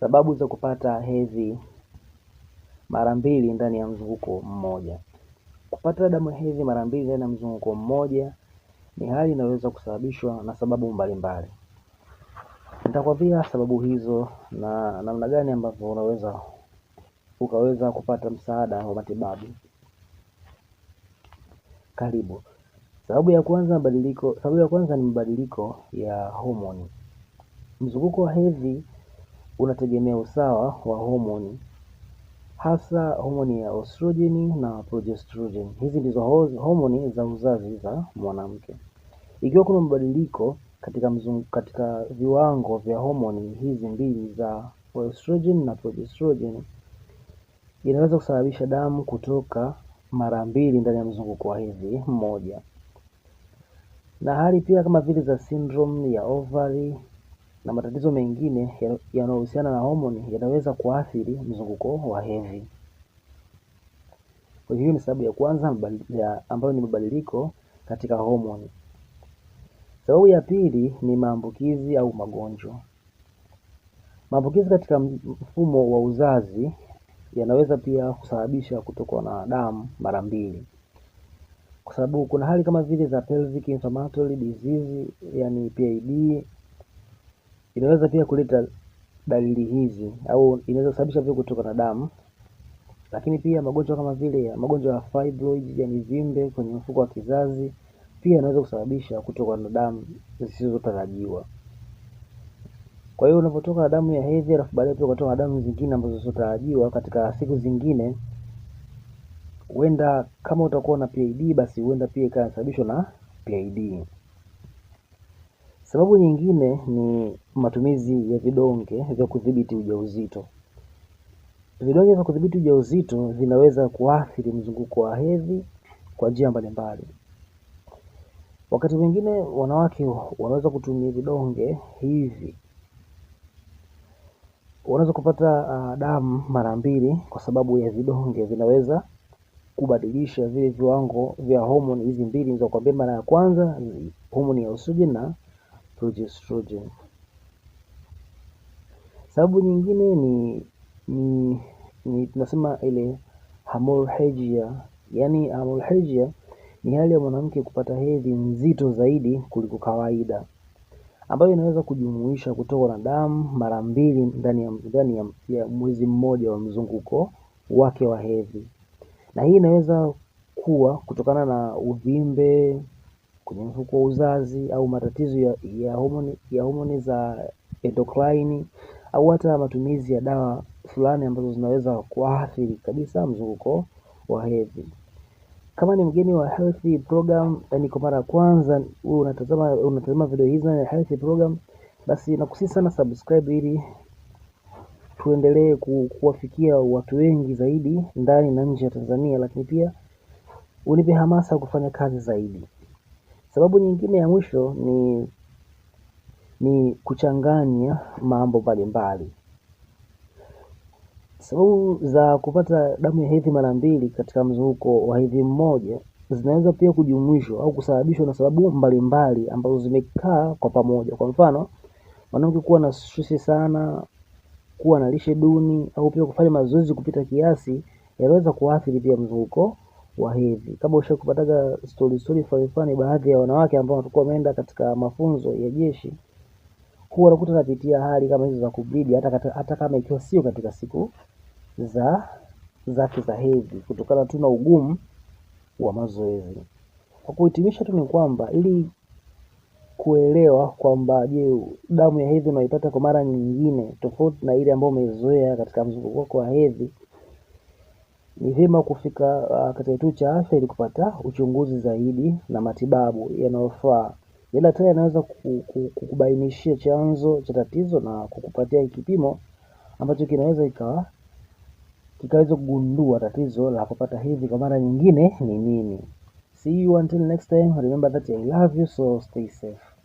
Sababu za kupata hedhi mara mbili ndani ya mzunguko mmoja. Kupata damu ya hedhi mara mbili ndani ya mzunguko mmoja ni hali inayoweza kusababishwa na sababu mbalimbali. Nitakwambia sababu hizo na namna gani ambavyo unaweza ukaweza kupata msaada wa matibabu. Karibu. Sababu ya kwanza mabadiliko, sababu ya kwanza ni mabadiliko ya homoni. Mzunguko wa hedhi unategemea usawa wa homoni, hasa homoni ya ostrojeni na progesterone. Hizi ndizo homoni za uzazi za mwanamke. Ikiwa kuna mabadiliko katika mzungu, katika viwango vya homoni hizi mbili za ostrojeni na progesterone inaweza kusababisha damu kutoka mara mbili ndani ya mzunguko wa hedhi mmoja, na hali pia kama vile za syndrome ya ovary na matatizo mengine yanayohusiana na homoni yanaweza kuathiri mzunguko wa hedhi. Kwa hiyo ni sababu ya kwanza ya ambayo ni mabadiliko katika homoni. Sababu ya pili ni maambukizi au magonjwa. Maambukizi katika mfumo wa uzazi yanaweza pia kusababisha kutokwa na damu mara mbili, kwa sababu kuna hali kama vile za pelvic inflammatory disease, yani PID Inaweza pia kuleta dalili hizi au inaweza kusababisha pia kutoka na damu, lakini pia magonjwa kama vile magonjwa ya fibroid, yani vimbe kwenye mfuko wa kizazi, pia inaweza kusababisha kutoka na damu zisizotarajiwa. Kwa hiyo unapotoka na damu ya hedhi alafu baadaye pia ukatoka na damu zingine ambazo zisizotarajiwa katika siku zingine, huenda kama utakuwa na PID basi huenda pia ikasababishwa na PID. Sababu nyingine ni matumizi ya vidonge vya kudhibiti ujauzito. Vidonge vya kudhibiti ujauzito vinaweza kuathiri mzunguko wa hedhi kwa njia mbalimbali. Wakati mwingine wanawake wanaweza kutumia vidonge hivi, wanaweza kupata uh, damu mara mbili kwa sababu ya vidonge vinaweza kubadilisha vile viwango vya homoni hizi mbili nilizokuambia mara ya kwanza, homoni ya estrogen na progesterone. Sababu nyingine ni, ni, ni tunasema ile hemorrhagia, yaani hemorrhagia ni hali ya mwanamke kupata hedhi nzito zaidi kuliko kawaida ambayo inaweza kujumuisha kutokwa na damu mara mbili ndani ya mwezi mmoja wa mzunguko wake wa hedhi, na hii inaweza kuwa kutokana na uvimbe kwenye mfuko wa uzazi au matatizo ya, ya, homoni, ya homoni za endocrine au hata matumizi ya dawa fulani ambazo zinaweza kuathiri kabisa mzunguko wa hedhi. Kama ni mgeni wa Health Program yani kwa mara ya kwanza unatazama, unatazama video hizi na Health Program, basi nakusihi sana subscribe ili tuendelee kuwafikia watu wengi zaidi ndani na nje ya Tanzania, lakini pia unipe hamasa kufanya kazi zaidi. Sababu nyingine ya mwisho ni, ni kuchanganya mambo mbalimbali. Sababu za kupata damu ya hedhi mara mbili katika mzunguko wa hedhi mmoja zinaweza pia kujumuishwa au kusababishwa na sababu mbalimbali ambazo zimekaa kwa pamoja. Kwa mfano, mwanamke kuwa na stresi sana, kuwa na lishe duni au pia kufanya mazoezi kupita kiasi yanaweza kuathiri pia mzunguko wa hedhi. Kama ushakupataga stori stori fani fani, baadhi ya wanawake ambao watakuwa wameenda katika mafunzo ya jeshi huwa wanakuta wanapitia hali kama hizo za kubidi, hata, hata kama ikiwa sio katika siku za zake za hedhi, kutokana tu na ugumu wa mazoezi. Kwa kuhitimisha tu ni kwamba ili kuelewa kwamba je, damu ya hedhi unaipata kwa mara nyingine tofauti na ile ambayo umezoea katika mzunguko wako wa hedhi ni vyema kufika uh, katika kituo cha afya ili kupata uchunguzi zaidi na matibabu yanayofaa. Yule daktari anaweza kukubainishia chanzo cha tatizo na kukupatia kipimo ambacho kinaweza ikawa kikaweza kugundua tatizo la kupata hivi kwa mara nyingine ni nini. See you until next time. Remember that I love you, so stay safe.